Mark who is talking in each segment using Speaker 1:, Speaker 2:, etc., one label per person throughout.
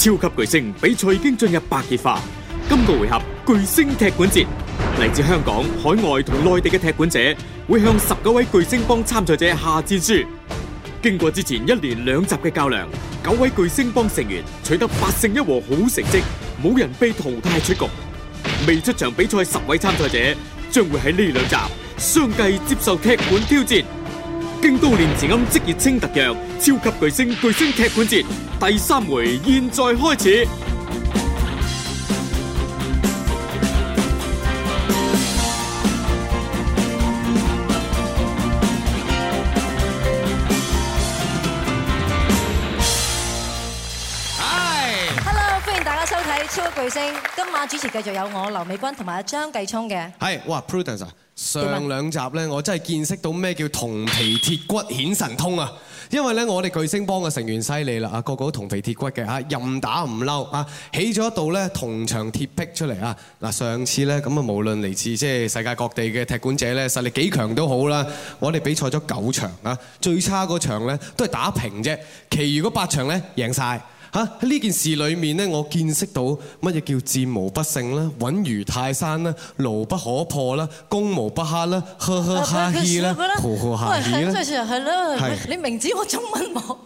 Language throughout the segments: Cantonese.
Speaker 1: 超級巨星比賽已經進入白熱化，今個回合巨星踢館戰嚟自香港，、海外同內地嘅踢館者會向十九位巨星幫參賽者下戰書。經過之前一連兩集嘅較量，九位巨星幫成員取得八勝一和好成績，冇人被淘汰出局。未出場比賽十位參賽者將會喺呢兩集相繼接受踢館挑戰。京都念慈庵積熱清特約，超級巨星巨星劇本節第三回，現在開始。
Speaker 2: 係
Speaker 3: ，Hello，歡迎大家收睇超級巨星，今晚主持繼續有我劉美君同埋阿張繼聰嘅。
Speaker 4: 係，哇，Prudence 啊！上兩集咧，我真係見識到咩叫銅皮鐵骨顯神通啊！因為咧，我哋巨星幫嘅成員犀利啦，啊，個個都銅皮鐵骨嘅，啊，任打唔嬲啊，起咗一道咧銅牆鐵壁出嚟啊！嗱，上次咧咁啊，無論嚟自即係世界各地嘅踢館者咧，實力幾強都好啦，我哋比賽咗九場啊，最差嗰場咧都係打平啫，其餘嗰八場咧贏晒。嚇喺呢件事裏面咧，我見識到乜嘢叫戰無不勝啦、啊，穩如泰山啦、啊，牢不可破啦、啊，攻無不克、 啊、啦，呵，哈，氣啦，和啦。
Speaker 3: 你明知我中文冇，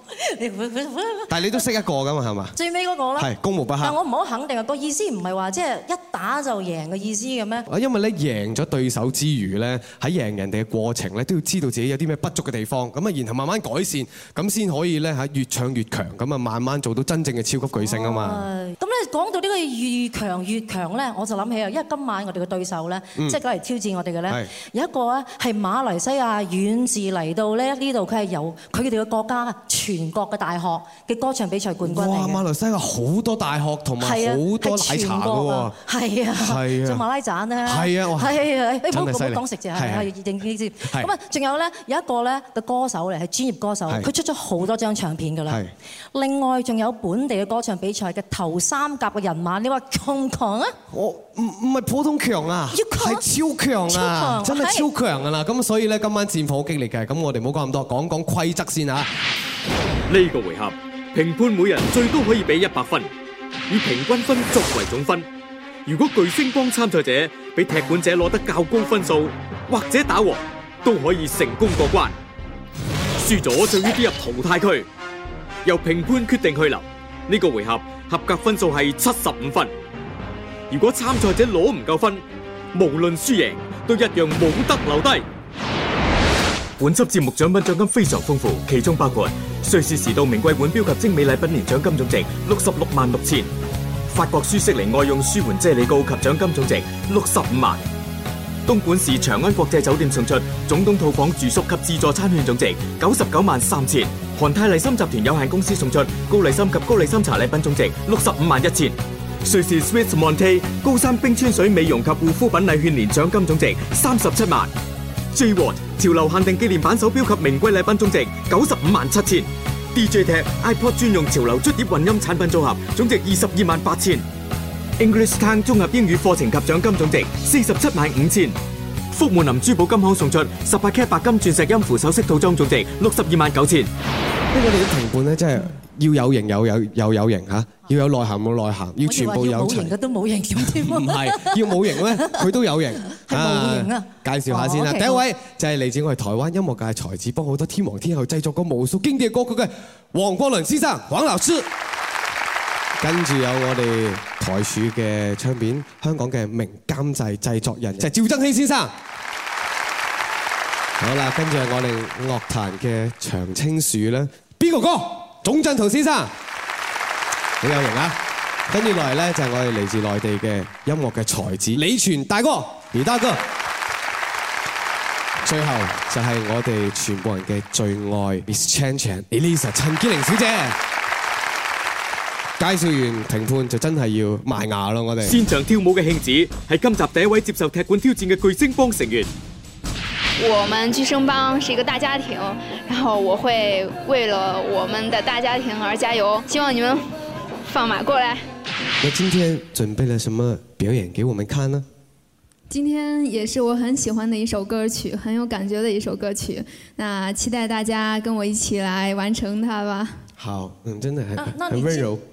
Speaker 4: 但係你都識一個㗎嘛，係嘛？最尾嗰個啦。係攻無不克。但我唔
Speaker 3: 好肯定啊，個意思唔係話即係一打就贏嘅意思嘅咩？
Speaker 4: 因為咧贏咗對手之餘咧，喺贏人哋嘅過程咧，都要知道自己有啲咩不足嘅地方，咁啊，然後慢慢改善，咁先可以咧嚇越唱越強，咁啊慢慢做到真正嘅超級巨星啊嘛！
Speaker 3: 咁咧講到呢個越強越強咧，我就諗起啊，因為今晚我哋嘅對手咧，即係嚟挑戰我哋嘅咧，有一個咧係馬來西亞遠自嚟到咧呢度，佢係有佢哋嘅國家全國嘅大學嘅歌唱比賽冠軍嚟嘅。哇！馬
Speaker 4: 來西亞好多大學同埋好多奶茶㗎喎，係啊，仲馬
Speaker 3: 拉盞咧，係啊，真係犀利。咁啊，仲有咧有一個咧嘅歌手嚟，係專業歌手，佢出咗好多張唱片㗎啦。另外仲有。本地嘅歌唱比賽嘅頭三甲嘅人馬，你話強唔強啊？我唔唔係普通
Speaker 4: 強啊，係超強啊，真係超強㗎啦！咁、啊、所以咧，今晚戰況好激烈嘅。咁我哋唔好講咁多，講講規則先啊。呢、呢個回合評判每人最
Speaker 1: 多可以俾一百分，以平均分作為總分。如果巨星幫參賽者俾踢館者攞得較高分數，或者打和都可以成功過關。輸咗就要跌入淘汰區，由評判決定去留。呢、這個回合合格分數係七十五分。如果參賽者攞唔夠分，無論輸贏都一樣冇得留低。本輯節目獎品獎金非常豐富，其中包括瑞士時度名貴腕錶及精美禮品，年獎金總值六十六萬六千；法國舒適尼愛用舒緩啫喱膏及獎金總值六十五萬。東莞市長安國際酒店送出總統套房住宿及自助餐券總值九十九萬三千。韓泰麗森集團有限公司送出高麗參及高麗參茶禮品總值六十五萬一千。瑞士 Swiss Monti 高山冰川水美容及護膚品禮券年獎金總值三十七萬。J Watch 潮流限定紀念版手錶及名貴禮品總值九十五萬七千。DJ Tap iPod 專用潮流桌碟混音產品組合總值二十二萬八千。English Town 綜合英語課程及獎金總值四十七萬五千。福滿林珠寶金行送出十八 K 白金鑽石音符首飾套裝總值六十二萬九千。
Speaker 4: 呢個你啲評判咧，真係要有型，有有又有，有型吓，要有內涵冇內涵，要全部有，有型
Speaker 3: 嘅都冇型，唔係要冇型咩？
Speaker 4: 佢都有型，係 冇型啊、 uh，介紹下先啦，oh, okay, 第一位、okay。就係嚟自我哋台灣音樂界才子，幫好多天王天后製作過無數經典歌曲嘅黃國倫先生，黃老師。跟住有我哋台柱嘅唱片，香港嘅名監製製作人，就係、是、趙增熹先生。好啦，跟住我哋樂壇嘅長青樹咧，邊個哥？鍾鎮濤先生，好有型啊！跟住落嚟咧，就係我哋嚟自內地嘅音樂嘅才子李泉大哥、李大哥。最後就係我哋全部人嘅最愛 ，Miss Chan Chan Elisa 陳潔靈小姐。
Speaker 1: 介紹完評判就真係要埋牙咯，我哋。現場跳舞嘅慶子係今集第一位接受踢館挑戰嘅巨星幫成員。
Speaker 5: 我們巨星幫是一個大家庭，然後我會為了我們的大家庭而加油，希望你們放馬過來。
Speaker 4: 那今天準備了什麼表演給我們看呢？
Speaker 5: 今天也是我很喜歡的一首歌曲，很有感覺的一首歌曲。那期待大家跟我一起來完成它吧。
Speaker 4: 好，嗯，真的很很溫柔。啊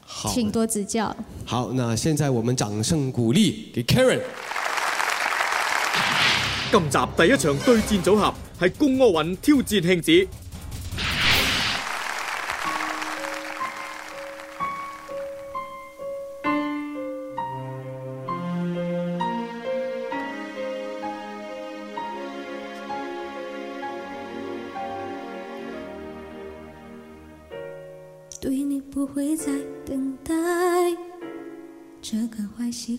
Speaker 6: 請多指教。
Speaker 4: 好，那現在我們掌聲鼓勵給 Karen。
Speaker 1: 今集第一場對戰組合係公傲雲挑戰慶子。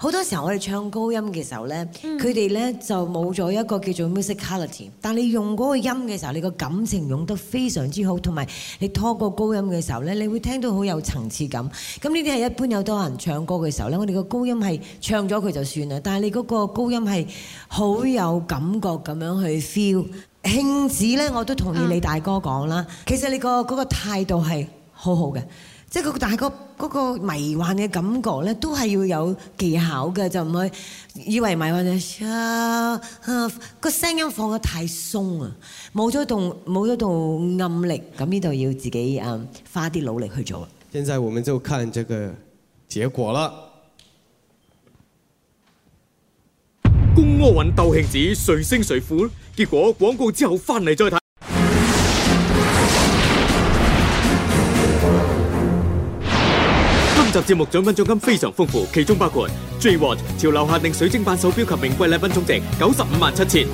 Speaker 7: 好多時候我哋唱高音嘅時候呢，佢哋呢就冇咗一個叫做 musicality。但你用嗰個音嘅時候，你個感情用得非常之好，同埋你拖過高音嘅時候呢，你會聽到好有層次感。咁呢啲係一般有多人唱歌嘅時候呢，我哋個高音係唱咗佢就算啦。但係你嗰個高音係好有感覺咁樣去 feel。興子呢，我都同意你大哥講啦，其實你個嗰個態度係好好嘅。即係嗰個，但係嗰個迷幻嘅感覺咧，都係要有技巧嘅，就唔可以以為迷幻就唰、啊啊那個、聲音放得太鬆啊，冇咗度冇咗度暗力，咁呢度要
Speaker 4: 自己啊、嗯、花啲努力去做。啊。現在我們就看這個結果啦。
Speaker 1: 公阿雲鬥慶子，誰勝誰負？結果廣告之後翻嚟再睇。節目獎品獎金非常豐富，其中包括 J Watch 潮流限定水晶版手錶及名貴禮品總值九十五萬七千；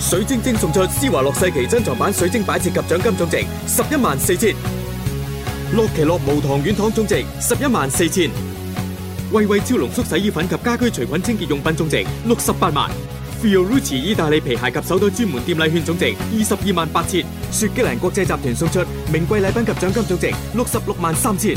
Speaker 1: 水晶晶送出施華洛世奇珍藏版水晶擺設及獎金總值十一萬四千；洛奇樂無糖軟糖總值十一萬四千；威威超濃縮洗衣粉及家居除菌清潔用品總值六十八萬；Fiorucci 意大利皮鞋及手袋專門店禮券總值二十二萬八千；雪肌靈國際集團送出名貴禮品及獎金總值六十六萬三千。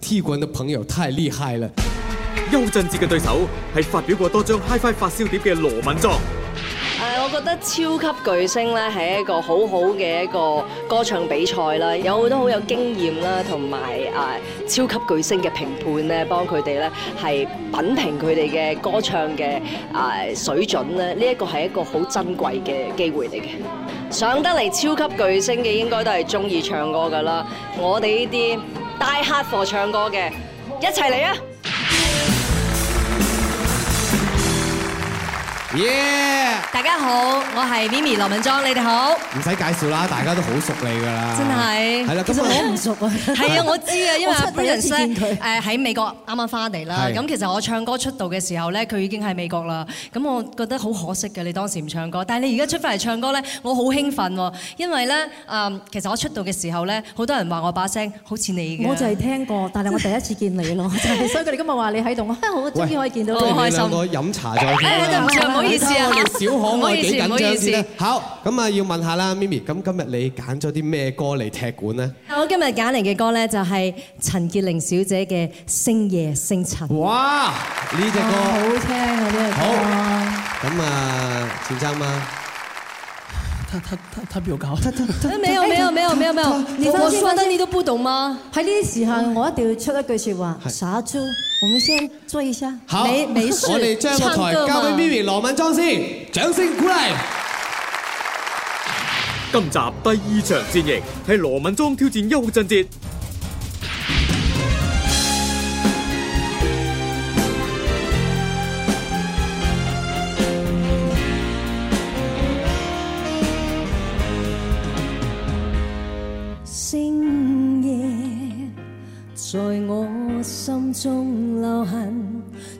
Speaker 4: T 管嘅朋友
Speaker 1: 太厲害了。邱振哲嘅對手係發表過多張 Hi-Fi 發燒碟嘅羅敏莊。
Speaker 3: 誒，我覺得超級巨星咧係一個好好嘅一個歌唱比賽啦，有好多好有經驗啦，同埋誒超級巨星嘅評判咧幫佢哋咧係品評佢哋嘅歌唱嘅誒水準咧，呢一個係一個好珍貴嘅機會嚟嘅。上得嚟超級巨星嘅應該都係中意唱歌噶啦，我哋呢啲。大客戶唱歌嘅，一齊嚟啊！耶、yeah.！大家好，我係咪咪羅敏莊，你哋好。
Speaker 4: 唔使介紹啦，大家都好熟你㗎啦。
Speaker 8: 真係。係啦，其實我唔
Speaker 4: 熟啊。
Speaker 3: 係啊，我知啊，因為人在剛剛我第一次見佢，喺美國啱啱翻嚟啦。咁其實我唱歌出道嘅時候咧，佢已經喺美國啦。咁我覺得好可惜嘅，你當時唔唱歌。但係你而家出翻嚟唱歌咧，我好興奮喎。因為咧，誒，其實我出道嘅時候咧，好多人話我把聲好似你嘅。我就係聽過，但係我第一次見你咯。所以佢哋今日話你喺度，我好，終於可以見到啦，你開心。歡
Speaker 4: 迎飲茶再見。唔好意思啊，我小可愛幾緊張先啦。好，咁啊要問下啦，Mimi，咁今日你揀咗啲咩歌嚟踢館咧？
Speaker 3: 我今日揀嚟嘅歌咧就係陳潔玲小姐嘅《星夜星辰》。哇！呢隻歌好
Speaker 4: 聽啊，呢隻歌。好，咁啊，緊張嗎？
Speaker 9: 他他他他比我高。他，沒有他沒有沒有沒有沒有，我說的
Speaker 3: 你都不懂嗎？喺呢啲時候，我一定要出一句說話。傻豬，我們先做一下。好，沒事，我哋將個台交俾咪咪
Speaker 1: 羅敏莊先，掌聲鼓勵。今集第二場戰役係羅敏莊挑戰邱振杰。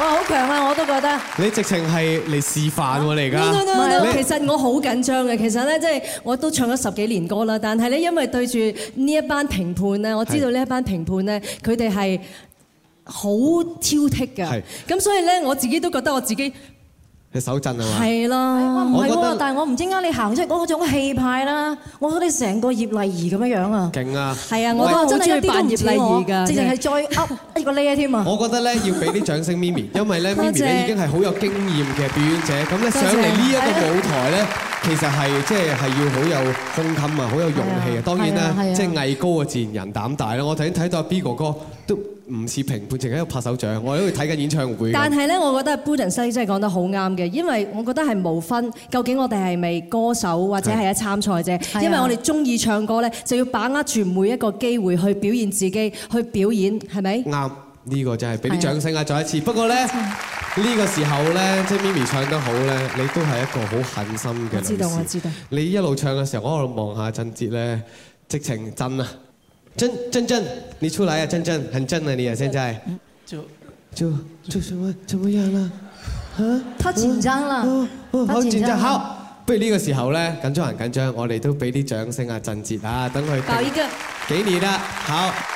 Speaker 4: 哇！好強啊！我都覺得你直情係嚟示範嚟㗎。你而家，其
Speaker 3: 實我好緊張嘅。其實呢，即係我都唱咗十幾年歌啦。但係呢，因為對住呢一班評判呢，我知道呢一班評判呢，佢哋係好挑剔㗎。咁所以呢，我自己都覺得我自己。
Speaker 4: 手震係嘛？係
Speaker 3: 啦、啊啊，我但係我唔知點解你行出嚟嗰種氣派啦，我覺得你成個葉麗儀咁樣樣啊。
Speaker 4: 勁啊！係啊，我覺得真
Speaker 3: 係扮葉麗儀㗎，直情係再噏呢個呢一添啊！我覺得咧、啊啊、要俾
Speaker 4: 啲掌聲咪咪，因為咧咪咪已經係好有經驗嘅表演者，咁咧上嚟呢一個舞台咧，其實係即係要好有胸襟啊，好有勇氣啊。當然啦，即係藝高嘅自然人膽大啦。我頭先睇到阿 b 哥哥都。唔似評判，淨喺度拍手掌，我喺度睇緊演唱會。但係
Speaker 3: 咧，我覺得 Buden Sir 真係講得好啱嘅，因為我覺得係無分，究竟我哋係咪歌手或者係一參賽者，因為我哋中意唱歌咧，就要把握住每一個機會去表現自己，去表演，係咪？
Speaker 4: 啱，呢個真係俾啲掌聲啊！再一次。不過咧，呢個時候咧，即係 Mimi 唱得好咧，你都係一個好狠心嘅。知道我知道。知道你一路唱嘅時候，我喺度望下陣節咧，直情震啊！真真真，你出來啊！真真，很真啊！你啊，現在
Speaker 9: 就就就什麼？怎麼樣啦？啊，他緊張啦，好緊張。好，
Speaker 4: 不如呢個時候咧緊張還緊張，我哋都俾啲掌聲啊，震節啊，等佢。好一個，幾年啦，好。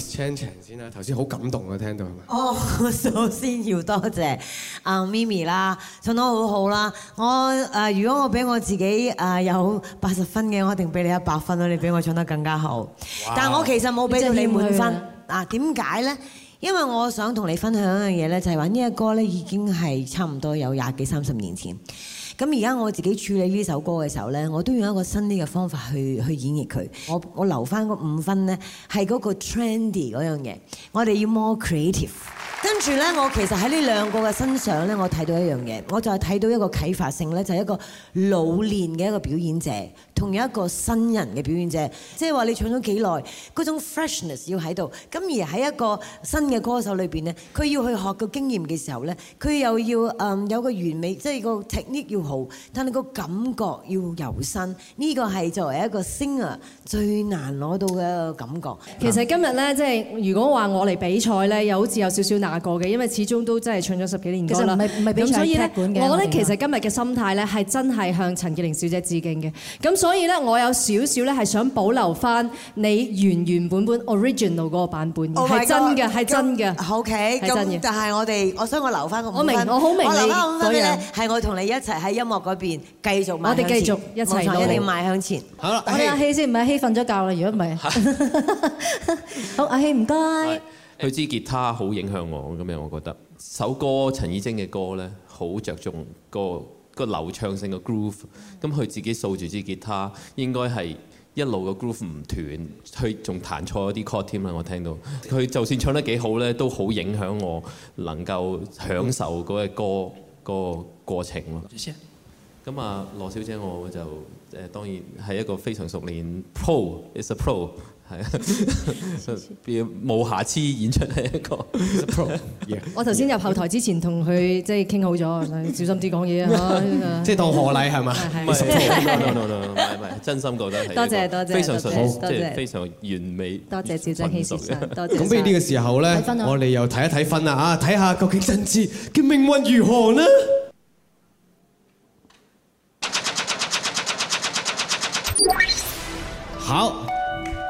Speaker 4: c h a n 先啦，頭先好感動啊，聽到係
Speaker 7: 嘛？哦，首先要多謝啊 Mimi 啦，唱得好好啦。我誒，如果我俾我自己誒有八十分嘅，我一定俾你一百分啦。你比我唱得更加好，但係我其實冇俾到你滿分啊。點解咧？因為我想同你分享一樣嘢咧，就係話呢個歌咧已經係差唔多有廿幾三十年前。咁而家我自己處理呢首歌嘅時候呢，我都用一個新啲嘅方法去去演繹佢。我我留翻個五分呢，係嗰個 trendy 嗰樣嘢。我哋要 more creative。跟住咧，我其實喺呢兩個嘅身上咧，我睇到一樣嘢，我就係睇到一個啟發性咧，就係一個老練嘅一個表演者，同一個新人嘅表演者。即係話你唱咗幾耐，嗰種 freshness 要喺度。咁而喺一個新嘅歌手裏邊咧，佢要去學個經驗嘅時候咧，佢又要誒有個完美，即係個 technique 要好，但係個感覺要柔身。呢個係作為一個 singer 最難攞到嘅一個感覺，其實今日咧，即、啊、係如果話我嚟比賽咧，又好似有少少難。下
Speaker 3: 過嘅，因為始終都真係唱咗十幾年歌啦。咁所以咧，我咧其實今日嘅心態咧係真係向陳潔玲小姐致敬嘅。咁所以咧，我有少少咧係想保留翻你原原本本 original 嗰個版本嘅，係真嘅，
Speaker 7: 係真嘅。O.K. 咁但係我哋，我想我留翻個五分我。我明，我好明。我留咧係我同你一齊喺音樂嗰邊繼續。我哋繼續一齊一定邁向前，我向前，我向前我。好啦，
Speaker 3: 阿希我要先氣，唔係阿希瞓咗覺啦。如果唔係，啊、 好阿希，唔該。
Speaker 10: 佢支吉他好影響我咁樣，我覺得首歌陳綺貞嘅歌咧，好着重個個流暢性嘅 groove。咁佢自己掃住支吉他，應該係一路嘅 groove 唔斷。佢仲彈錯一啲 call 添啦，我聽到。佢就算唱得幾好咧，都好影響我能夠享受嗰隻歌、嗰個過程咯。咁啊，羅小姐我就誒、呃、當然係一個非常熟練 pro, it's a pro。係啊，冇瑕疵演出係一個。
Speaker 3: 我頭先 入後台之前同佢即係傾好咗，小心啲講嘢。啊！
Speaker 10: 即係當賀
Speaker 4: 禮係嘛？唔係，唔係，唔係，真心覺得係。
Speaker 3: 多謝多謝，非常順，非
Speaker 4: 常完美。
Speaker 3: 多謝趙振希，多謝。咁不如呢個
Speaker 4: 時候咧、啊，我哋又睇一睇分啦啊！睇下究竟真志嘅命運如何呢？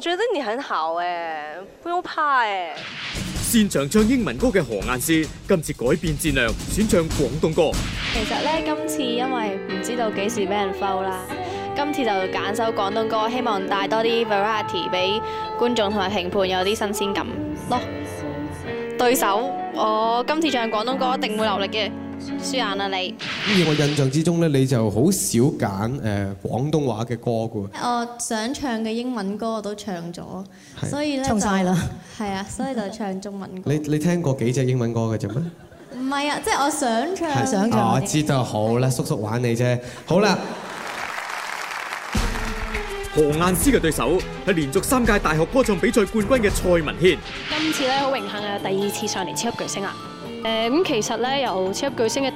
Speaker 3: 我覺得你很好誒，不用怕誒。
Speaker 1: 擅長唱英文歌嘅何雁詩，今次改變戰略，選唱廣東歌。
Speaker 6: 其實咧，今次因為唔知道幾時俾人 foul 啦，今次就揀首廣東歌，希望帶多啲 variety 俾觀眾同埋評判，有啲新鮮感咯。對手，我今次唱廣東歌一定會留力嘅。輸硬啦你！
Speaker 4: 而我印象之中咧，你就好少揀誒廣東話嘅歌嘅喎。
Speaker 6: 我想唱嘅英文歌我都唱咗，所以咧就唱晒啦。係啊，所以就唱中文歌。
Speaker 4: 你你聽過幾隻英文歌嘅啫？咩？
Speaker 6: 唔係啊，即係我想唱想。哦，我知
Speaker 4: 就好啦，叔叔
Speaker 1: 玩你啫。好啦、嗯，何雁詩嘅對手係連續三屆大學歌唱比賽冠軍嘅蔡文軒。
Speaker 6: 今次咧好榮幸啊，第二次上嚟超級巨星啊！誒咁其實咧，由《超級巨星》嘅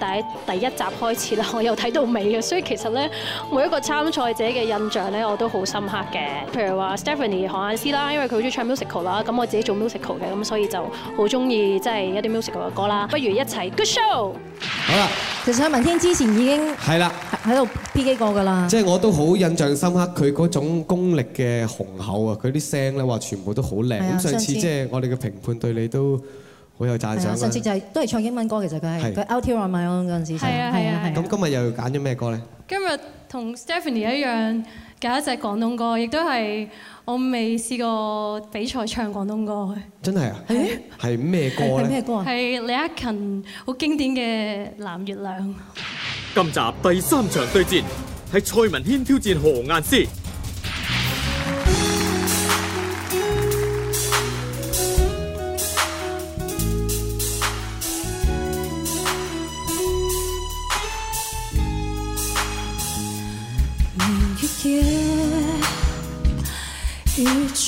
Speaker 6: 第一第一集開始啦，我又睇到尾嘅，所以其實咧每一個參賽者嘅印象咧，我都好深刻嘅。譬如話 Stephanie 何雁詩啦，因為佢好中意唱 musical 啦，咁我自己做 musical 嘅，咁所以就好中意
Speaker 3: 即係一啲 musical 嘅歌啦。不如一齊 Good Show！好啦，其實喺文天之前已經係啦，喺度 P 過個㗎啦。即係
Speaker 4: 我都好印象深刻佢嗰種功力嘅雄厚啊！佢啲聲咧話全部都好靚。咁上次即係我哋嘅評判對你都。好有炸相！上次就
Speaker 3: 係都係唱英文歌，其實佢係佢《Outro My Own》嗰陣時。係啊係啊
Speaker 6: 係！
Speaker 4: 咁今日又揀咗咩歌咧？
Speaker 6: 今日同 Stephanie 一樣揀一隻廣東歌，亦都係我未試過比賽唱廣東歌。
Speaker 4: 真係啊！係係咩歌咧？
Speaker 6: 係咩歌啊？係李克勤好經典嘅《藍月亮》。
Speaker 1: 今集第三場對戰係蔡文軒挑戰何雁詩。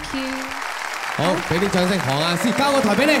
Speaker 8: 謝
Speaker 11: 謝你好，
Speaker 4: 俾啲掌聲。何雁詩，交個台俾你。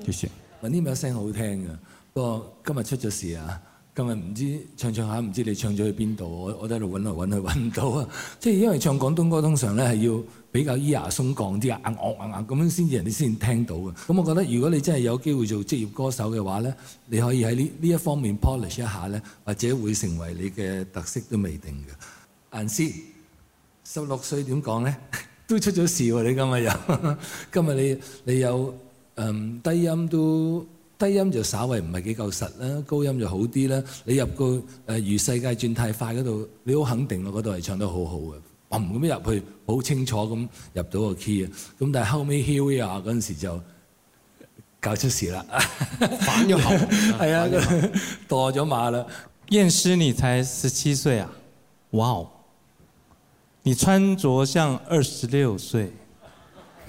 Speaker 12: 爵、嗯、士，雲軒嘅聲好聽嘅，不過今日出咗事啊！今日唔知唱唱下，唔知你唱咗去邊度？我我喺度揾嚟揾去揾唔到啊！即、就、係、是、因為唱廣東歌，通常咧係要比較咿牙鬆降啲啊，硬惡硬惡咁樣先至人哋先聽到嘅。咁我覺得，如果你真係有機會做職業歌手嘅話咧，你可以喺呢呢一方面 polish 一下咧，或者會成為你嘅特色都未定嘅。阿師，十六歲點講咧？都出咗事喎、啊！你今日又，今日你你有？嗯、um，低音都低音就稍為唔係幾夠實啦，高音就好啲啦。你入個誒《呃、如世界轉太快》嗰度，你好肯定我嗰度係唱得好好嘅，唔咁入去，好清楚咁入到個 key 啊。咁但係後尾 heroes》嗰陣時就搞出事啦 猴、 啊，反咗猴，係 啊，墮咗馬啦。燕詩，你才十
Speaker 13: 七歲啊？哇、wow. 你穿着像二十六歲。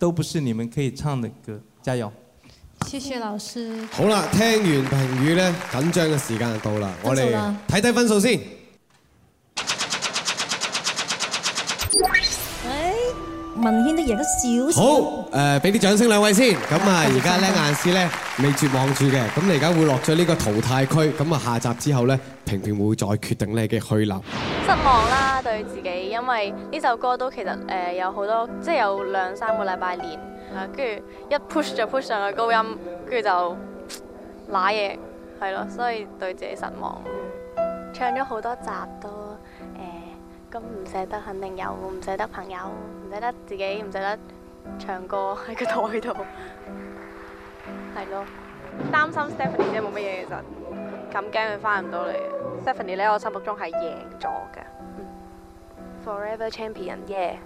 Speaker 13: 都不是你們可以唱的歌，加油！
Speaker 8: 謝謝老師。
Speaker 13: 好啦，聽完評語咧，緊張嘅時間就到啦，我哋睇睇分數先。
Speaker 3: 文軒都贏得
Speaker 14: 少
Speaker 4: 少。好，誒，俾啲掌聲兩位先。咁啊，而家咧，晏詩咧，未絕望住嘅。咁你而家會落咗呢個淘汰區。咁啊，下集之後咧，評判會再決定你嘅去留。
Speaker 6: 失望啦，對自己，因為呢首歌都其實誒有好多，即係有兩三個禮拜練。啊，跟住一 push 就 push 上個高音，跟住就瀨嘢，係咯，所以對自己失望。唱咗好多集都。咁唔捨得肯定有，唔捨得朋友，唔捨得自己，唔捨得唱歌喺個台度，係咯。擔心 Stephanie 真係冇乜嘢其實，咁驚佢翻唔到嚟。Stephanie 咧，我心目中係贏咗嘅，Forever Champion 耶。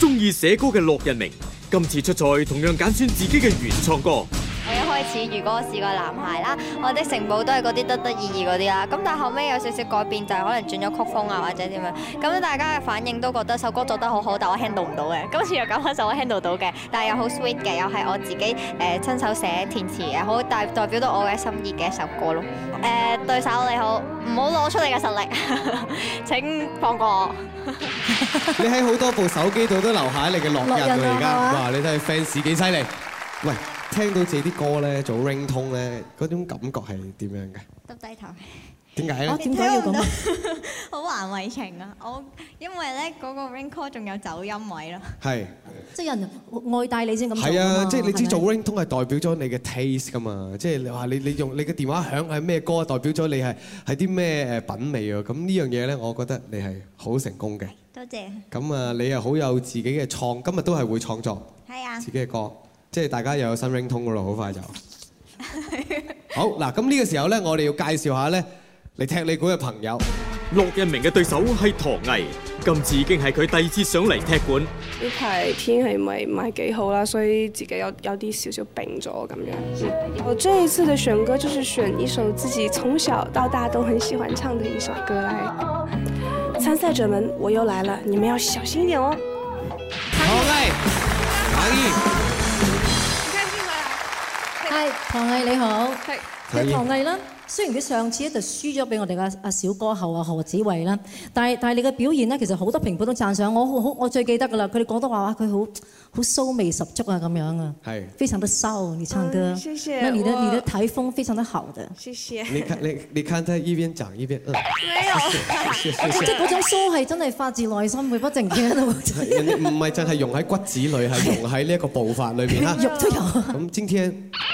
Speaker 1: 中意寫歌嘅樂日明，今次出賽同樣揀選自己嘅原創歌。
Speaker 15: 我一開始如果我試過男孩啦，我的城堡都係嗰啲得得意意嗰啲啦，咁但係後尾有少少改變，就係可能轉咗曲風啊或者點樣，咁大家嘅反應都覺得首歌做得好好，但我 handle 唔到嘅，今次又搞翻首我 handle 到嘅，但係又好 sweet 嘅，又係我自己誒親手寫填詞嘅，好代代表到我嘅心意嘅一首歌咯。誒對手你好，唔好攞出你嘅實力，請放過我。
Speaker 4: 你喺好多部手機度都留下你嘅烙印啦，而家，哇你睇 fans 幾犀利，喂。聽到自己啲歌咧做 ringtone 咧，嗰種感覺係點樣嘅？
Speaker 15: 耷低頭。
Speaker 4: 點解咧？我點解
Speaker 15: 要咁，好難為情啊！我因為咧嗰個 ringcall 仲有走音位咯。係。即係有
Speaker 3: 人愛戴你先咁
Speaker 4: 做啊嘛。係啊，即係你知做 ringtone 係代表咗你嘅 taste 噶嘛？即係你話你你用你嘅電話響係咩歌，代表咗你係係啲咩誒品味啊？咁呢樣嘢咧，我覺得你係好成功嘅。
Speaker 14: 多
Speaker 4: 謝。咁啊，你又好有自己嘅創，今日都係會創作。
Speaker 14: 係啊。自己嘅
Speaker 4: 歌。即係大家又有新 r 通噶咯，好快就好好。
Speaker 1: 好嗱，咁呢個時候咧，我哋要介紹下咧嚟踢你館嘅朋友。陸一鳴嘅對手係唐毅，今次已經係佢第二次上嚟踢館。
Speaker 8: 呢排天氣咪唔係幾好啦，所以自己有有啲少少病咗，我感我這一次嘅選歌就是選一首自己從小到大都很喜歡唱嘅一首歌嚟。參賽者們，我又來了，你們要小心一點哦。
Speaker 14: 好嘅，唐毅。唐
Speaker 8: 唐毅你好，
Speaker 3: 唐毅啦，雖然佢上次一就輸咗俾我哋嘅阿小歌后啊何子慧啦，但係但係你嘅表現咧，其實好多評判都讚賞我，我最記得噶啦，佢哋講得話哇佢好好騷味十足啊咁樣啊，非常的騷、嗯，你唱歌，
Speaker 14: 謝謝你的你睇
Speaker 3: 風非常的好的，你看你
Speaker 4: 你看他一邊長一邊嗯，沒有，謝 謝 即係嗰
Speaker 3: 種騷係真係發自內心，會不整嘅唔
Speaker 4: 係淨係用喺骨子裏，係用喺呢一個步伐裏面 肉都有。咁 今天。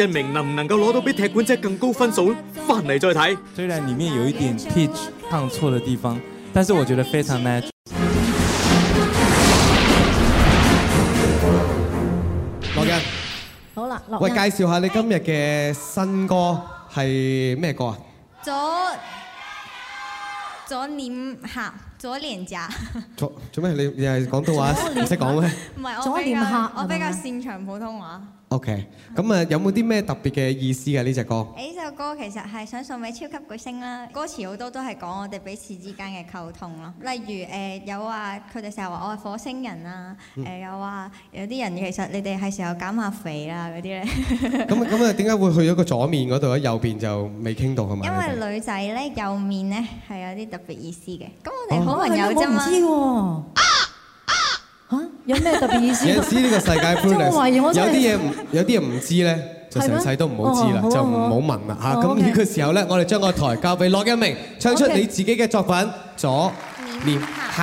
Speaker 13: 證明能唔能夠攞到比踢館者更高分數咧？翻嚟再睇。雖然裏面有一點 pitch 唱錯的地方，但是我覺得非常 match。啊、好啦、
Speaker 14: 啊，喂，介
Speaker 13: 紹
Speaker 4: 下你今日嘅新歌係咩歌啊？
Speaker 15: 左左臉下，左臉頰。
Speaker 4: 做咩？你又係廣東話唔識講咩？
Speaker 15: 唔係，我比較。我比較擅長普通話。
Speaker 4: OK，咁啊有冇啲咩特別嘅意思㗎呢隻歌？誒呢
Speaker 15: 首歌其實係想送俾超級巨星啦，歌詞好多都係講我哋彼此之間嘅溝通咯。例如誒有話佢哋成日話我係火星人啊，誒有話有啲人其實你哋係時候減下肥啊
Speaker 4: 嗰啲咧。咁咁啊點解會去咗個左面嗰度，喺右邊就未傾到係咪？因為
Speaker 15: 女仔咧右面咧係有啲特別意思嘅，咁我哋好朋友啫嘛。我唔知
Speaker 3: 喎。
Speaker 5: 有咩特別意思？有陣
Speaker 4: 時呢個世界觀嚟，有啲嘢，有啲嘢唔知咧，就成世都唔好知啦，oh, 就唔好問啦嚇。咁呢個時候咧，我哋將個台交俾羅一鳴，唱出你自己嘅作品《okay. 左臉客》。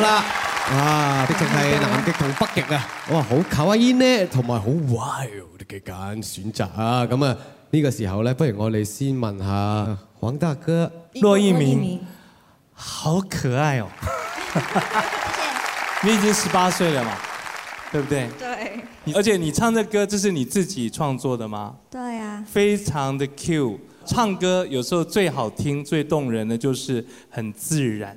Speaker 4: 好啦，啊，直情係南極同北極啊，哇，好卡哇伊呢，同埋好 wild 嘅揀選擇啊，咁啊呢個時候呢，不如我哋先問下黃大哥，羅一鳴，好
Speaker 13: 可愛哦， 你已經十八歲啦嘛，對唔對？
Speaker 15: 對。
Speaker 13: 而且你唱嘅歌，這是你自己創作的嗎？對啊。非常的 Q，唱歌有時候最好聽、最動人的，就是很自然。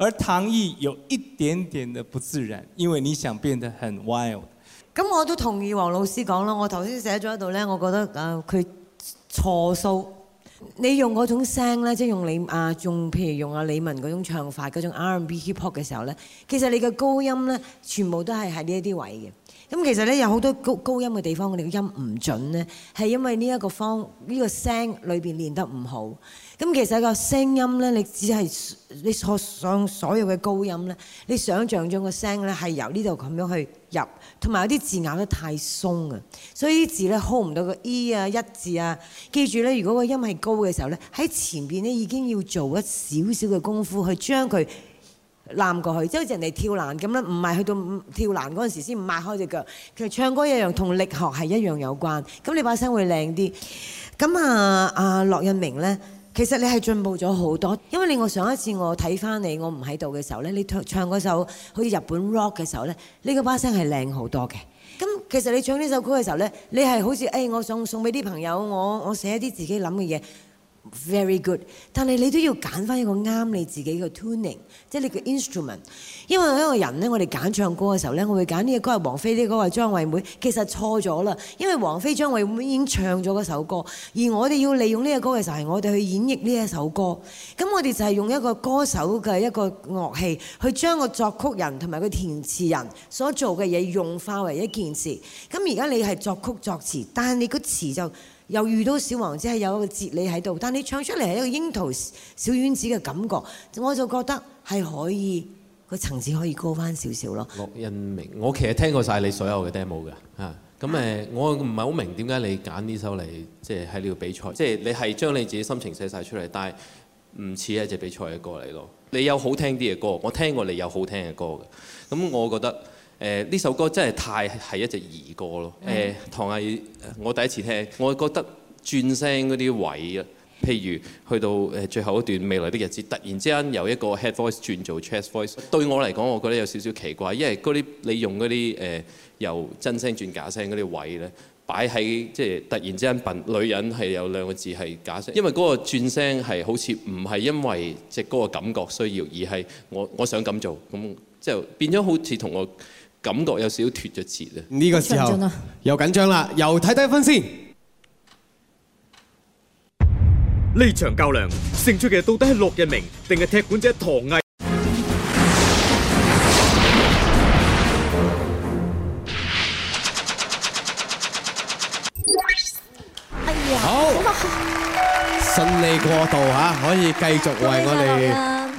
Speaker 13: 而唐毅有一點點的不自然，因為你想變得很 wild。
Speaker 7: 咁我都同意黃老師講啦，我頭先寫咗喺度呢，我覺得啊佢、呃、錯數。你用嗰種聲咧，即係用李啊，用譬如用阿李玟嗰種唱法嗰種 R&B hip hop 嘅時候呢，其實你嘅高音呢，全部都係喺呢一啲位嘅。咁其實呢，有好多高高音嘅地方，你嘅音唔準呢，係因為呢一個方呢、呢個聲裏邊練得唔好。咁其實個聲音咧，你只係你學上所有嘅高音咧，你想像中嘅聲咧，係由呢度咁樣去入，同埋有啲字咬得太鬆啊，所以啲字咧 hold 唔到個 E 啊、一字啊。記住咧，如果個音係高嘅時候咧，喺前邊咧已經要做一少少嘅功夫去將佢攬過去，即係好似人哋跳欄咁啦，唔係去到跳欄嗰陣時先唔開隻腳。其實唱歌一樣同力學係一樣有關，咁你把聲會靚啲。咁啊，阿、啊、洛一明咧。其實你係進步咗好多，因為你我上一次我睇翻你，我唔喺度嘅時候咧，你唱唱嗰首好似日本 rock 嘅時候咧，呢、呢個把聲係靚好多嘅。咁其實你唱呢首歌嘅時候你係好似哎，我想送，送俾啲朋友，我我寫啲自己諗嘅嘢。Very good，但係你都要揀翻一個啱你自己嘅 tuning，即係你嘅 instrument。因為喺一個人呢，我哋揀唱歌嘅時候呢，我會揀呢一首歌係王菲，呢一首歌係張惠妹。其實錯咗啦，因為王菲、張惠妹已經唱咗嗰首歌，而我哋要利用呢一首歌嘅時候，係我哋去演繹呢一首歌。咁我哋就係用一個歌手嘅一個樂器去將個作曲人同埋個填詞人所做嘅嘢，用化為一件事。咁而家你係作曲作詞，但係你個詞就。又遇到小王子係有一個哲理喺度，但你唱出嚟係一個櫻桃小丸子嘅感覺，我就覺得係可以個層次可以高翻少少咯。樂
Speaker 10: 恩明，我其實聽過晒你所有嘅 demo 嘅嚇，咁誒，我唔係好明點解你揀呢首嚟，即係喺呢個比賽，即係你係將你自己心情寫晒出嚟，但係唔似一隻比賽嘅歌嚟咯。你有好聽啲嘅歌，我聽過你有好聽嘅歌嘅，咁我覺得。誒、呃、呢首歌真係太係一隻兒歌咯。誒、呃，唐藝我第一次聽，我覺得轉聲嗰啲位啊，譬如去到誒最後一段未來的日子，突然之間由一個 head voice 轉做 chest voice，對我嚟講，我覺得有少少奇怪，因為啲你用嗰啲誒由真聲轉假聲嗰啲位咧，擺喺即係突然之間笨女人係有兩個字係假聲，因為嗰個轉聲係好似唔係因為隻歌嘅感覺需要，而係我我想咁做咁就變咗好似同我。感覺有少少脫咗
Speaker 1: 節啊！呢個時候又緊張啦，又睇低分先。呢場較量勝出嘅到底係陸日明定係踢館者唐毅？哎呀！好，
Speaker 4: 順利過渡吓，可以繼續為我哋。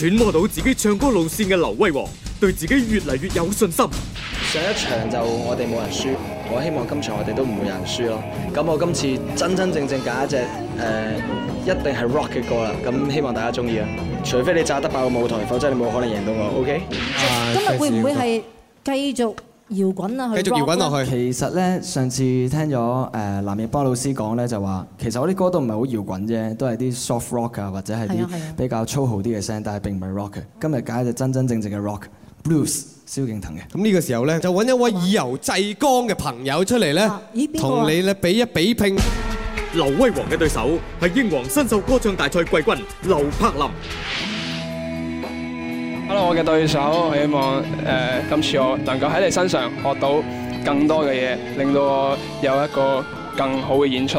Speaker 1: 揣摩到自己唱歌路線嘅劉威王，對自己越嚟越有信心。上一場就我哋冇人輸，我希望今場我哋都唔會有人輸咯。
Speaker 4: 咁我今次真真正正揀一隻誒、呃，一定係 rock 嘅歌啦。咁希望大家中意啊！除非你炸得爆個舞台，否則你冇可能贏到我。OK？啊。今日會唔會
Speaker 2: 係
Speaker 3: 繼續？搖滾啊！繼續搖滾落去。其
Speaker 2: 實咧，上次聽咗誒、
Speaker 4: 呃、藍奕邦老師講咧，就話其實我啲歌都唔係好搖滾啫，都係啲 soft rock 啊，或者係啲比較粗豪啲嘅聲，但係並唔係 rock。今日揀一隻真真正正嘅 rock blues，蕭敬騰嘅。咁呢個時候咧，就揾一位以柔制剛嘅朋友出嚟咧，
Speaker 14: 同你咧
Speaker 1: 比一比拼。啊、劉威王嘅對手係英皇新秀歌唱大賽季軍劉
Speaker 16: 柏林。哈啦，我嘅對手，我希望誒今次我能夠喺你身上學到更多嘅嘢，令到我有一個更好嘅演出。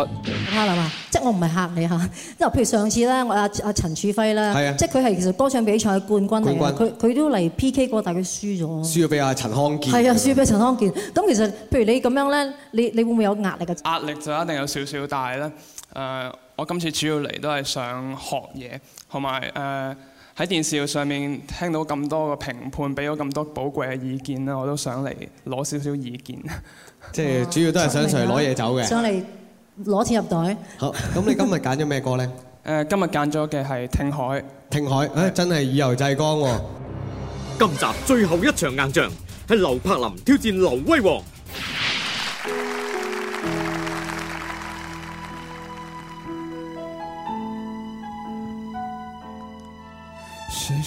Speaker 16: 哈
Speaker 3: 啦嘛，即係我唔係嚇你嚇，即係譬如上次咧，我阿阿陳柱輝咧，即係佢係其實歌唱比賽嘅冠軍嚟嘅，佢佢都嚟 PK 過，但係佢輸咗。
Speaker 4: 輸咗俾阿陳康
Speaker 16: 健。係啊，
Speaker 3: 輸咗俾陳康健。咁其實譬如你咁樣咧，你你會唔會有壓力啊？
Speaker 16: 壓力就一定有少少，但係咧誒，我今次主要嚟都係想學嘢，同埋誒。呃喺電視上面聽到咁多個評判，俾咗咁多寶貴嘅意見啦，我都想嚟攞少少意見。即係主要都係想想攞嘢走嘅。想
Speaker 3: 嚟攞錢入袋。
Speaker 16: 好，咁你今日揀咗咩歌咧？誒、呃，今日揀咗嘅係《
Speaker 4: 聽海》。聽海，誒、啊、真係以柔制剛喎。
Speaker 1: 今集最後一場硬仗係劉柏霖挑戰劉威王。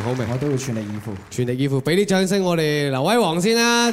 Speaker 4: 好別我都會全力以赴，全力以赴，俾啲掌聲。我哋劉威王先啦！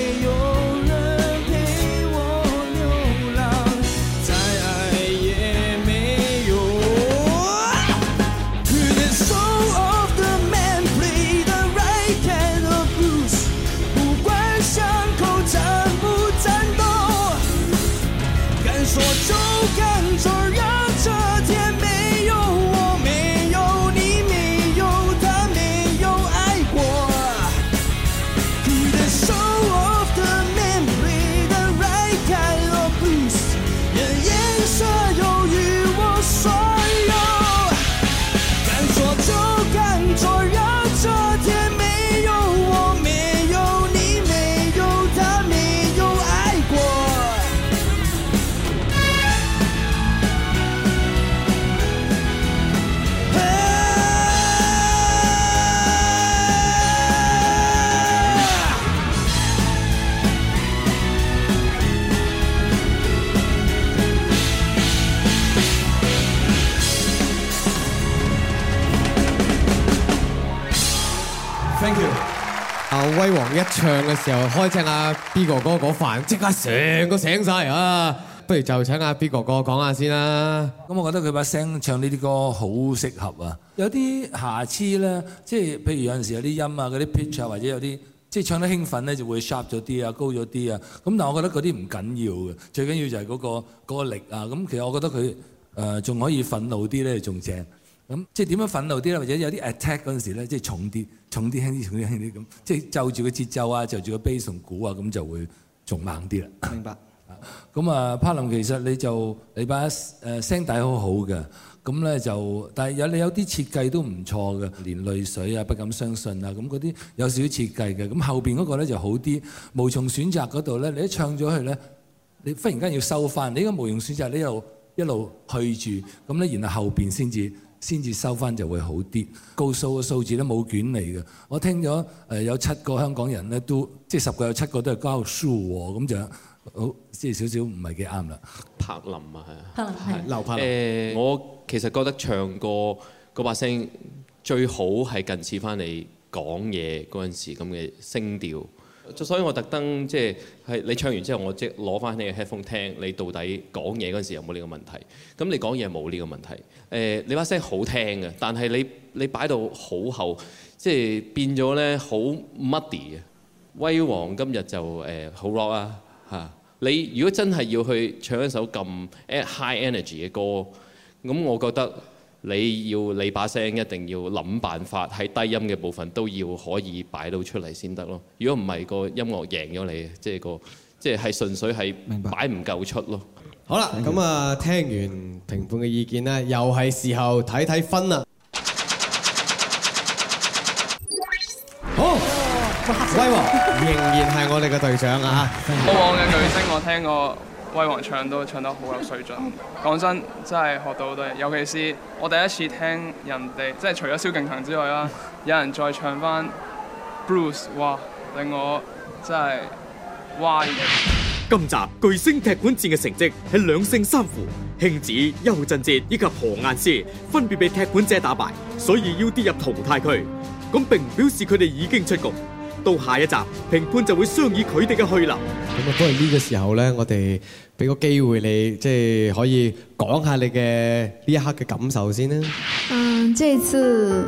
Speaker 4: 一唱嘅時候開聲阿 B 哥哥嗰
Speaker 12: 份即刻成個醒晒啊！不如就請阿 B 哥哥講下先啦。咁我覺得佢把聲唱呢啲歌好適合啊。有啲瑕疵咧，即係譬如有陣時有啲音啊，嗰啲 pitch 啊，或者有啲即係唱得興奮咧就會 sharp 咗啲啊，高咗啲啊。咁但係我覺得嗰啲唔緊要嘅，最緊要就係嗰個嗰個力啊。咁其實我覺得佢誒仲可以憤怒啲咧，仲正。咁即係點樣憤怒啲咧？或者有啲 attack 嗰陣時咧，即係重啲、重啲、輕啲、重啲、輕啲咁。即係就住個節奏啊，就住個 bass 同鼓啊，咁就會仲猛啲啦。明白。咁啊，柏林其實你就是、你把誒聲底好好嘅，咁咧就但係有你有啲設計都唔錯嘅，連淚水啊、不敢相信啊，咁嗰啲有少少設計嘅。咁後邊嗰個咧就好啲，無從選擇嗰度咧，你一唱咗去咧，你忽然間要收翻，你應該無從選擇，你一路去住咁咧，然後後邊先至。先至收翻就會好啲，高數嘅數字都冇卷嚟嘅。我聽咗誒有七個香港人咧都，即係十個有七個都係交書喎，咁就好即係少少唔係幾啱啦。柏林啊係啊，柏林係劉柏林。誒、呃、
Speaker 10: 我其實覺得唱歌個把聲最好係近似翻你講嘢嗰陣時咁嘅聲調。所以我，我特登即係你唱完之後，我即係攞翻你嘅 headphone 聽，你到底講嘢嗰陣時有冇呢個問題？咁你講嘢冇呢個問題。誒、呃，你把聲好聽嘅，但係你你擺到好厚，即、就、係、是、變咗咧好 muddy 嘅。威王今日就誒好、呃、rock 啊嚇！你如果真係要去唱一首咁 a high energy 嘅歌，咁我覺得。你要你把聲一定要諗辦法，喺低音嘅部分都要可以擺到出嚟先得咯。如果唔係，個音樂贏咗你，即、就、係、是那個即係係純粹係擺唔夠出咯。
Speaker 4: 好、嗯、啦，咁啊聽完評判嘅意見呢，嗯、又係時候睇睇分啦、哦嗯啊。好，威王仍然係我哋嘅隊長啊！好，
Speaker 16: 旺嘅巨星我聽過。威王唱都唱得好有水準。講真真係學到好多嘢。尤其是我第一次聽人哋，即係除咗蕭敬騰之外啦，有人再唱翻 blues 哇！令我真係歪嘅。
Speaker 1: 今集巨星踢館戰嘅成績係兩勝三負，興子、邱振哲以及何雁詩分別被踢館者打敗，所以要跌入淘汰區。咁並唔表示佢哋已經出局。到下一集，評判就會商議佢哋嘅去留。
Speaker 4: 咁啊，都係呢個時候咧，我哋俾個機會你，即係可以講下你嘅呢一刻嘅感受先啦。嗯，
Speaker 5: 這次，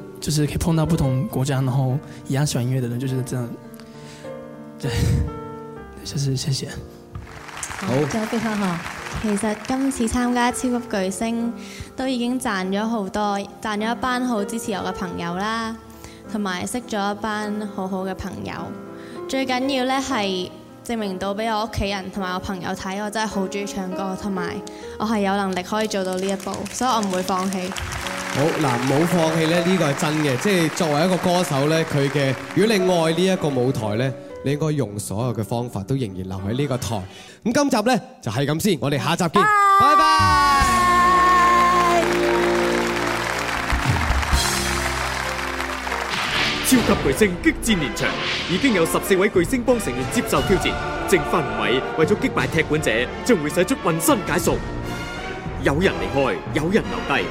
Speaker 9: 就是可以碰到不同國家，然後一樣喜歡音樂的人，就是這樣。對，謝謝，就是、謝謝。好，謝
Speaker 3: 謝，好，好，其實
Speaker 6: 今次參加《超級巨星》都已經賺咗好多，賺咗一班好支持我嘅朋友啦，同埋識咗一班好好嘅朋友。最緊要咧係，證明到俾我屋企人同埋我朋友睇，我真係好鍾意唱歌，同埋我係有能力可以做到呢一步，所以我唔會放棄。
Speaker 4: 好嗱，唔好放棄咧，呢個係真嘅。即係作為一個歌手咧，佢嘅如果你愛呢一個舞台咧，你應該用所有嘅方法都仍然留喺呢個台。咁今集咧就係咁先，我哋下集見，拜拜。
Speaker 1: 超級巨星激戰連場，已經有十四位巨星幫成員接受挑戰。剩翻五位為咗擊敗踢館者，將會使出渾身解數。有人離開，有人留低。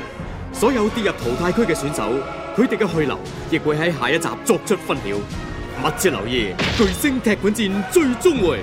Speaker 1: 所有跌入淘汰區嘅選手，佢哋嘅去留亦會喺下一集作出分曉。密切留意巨星踢館戰最終回。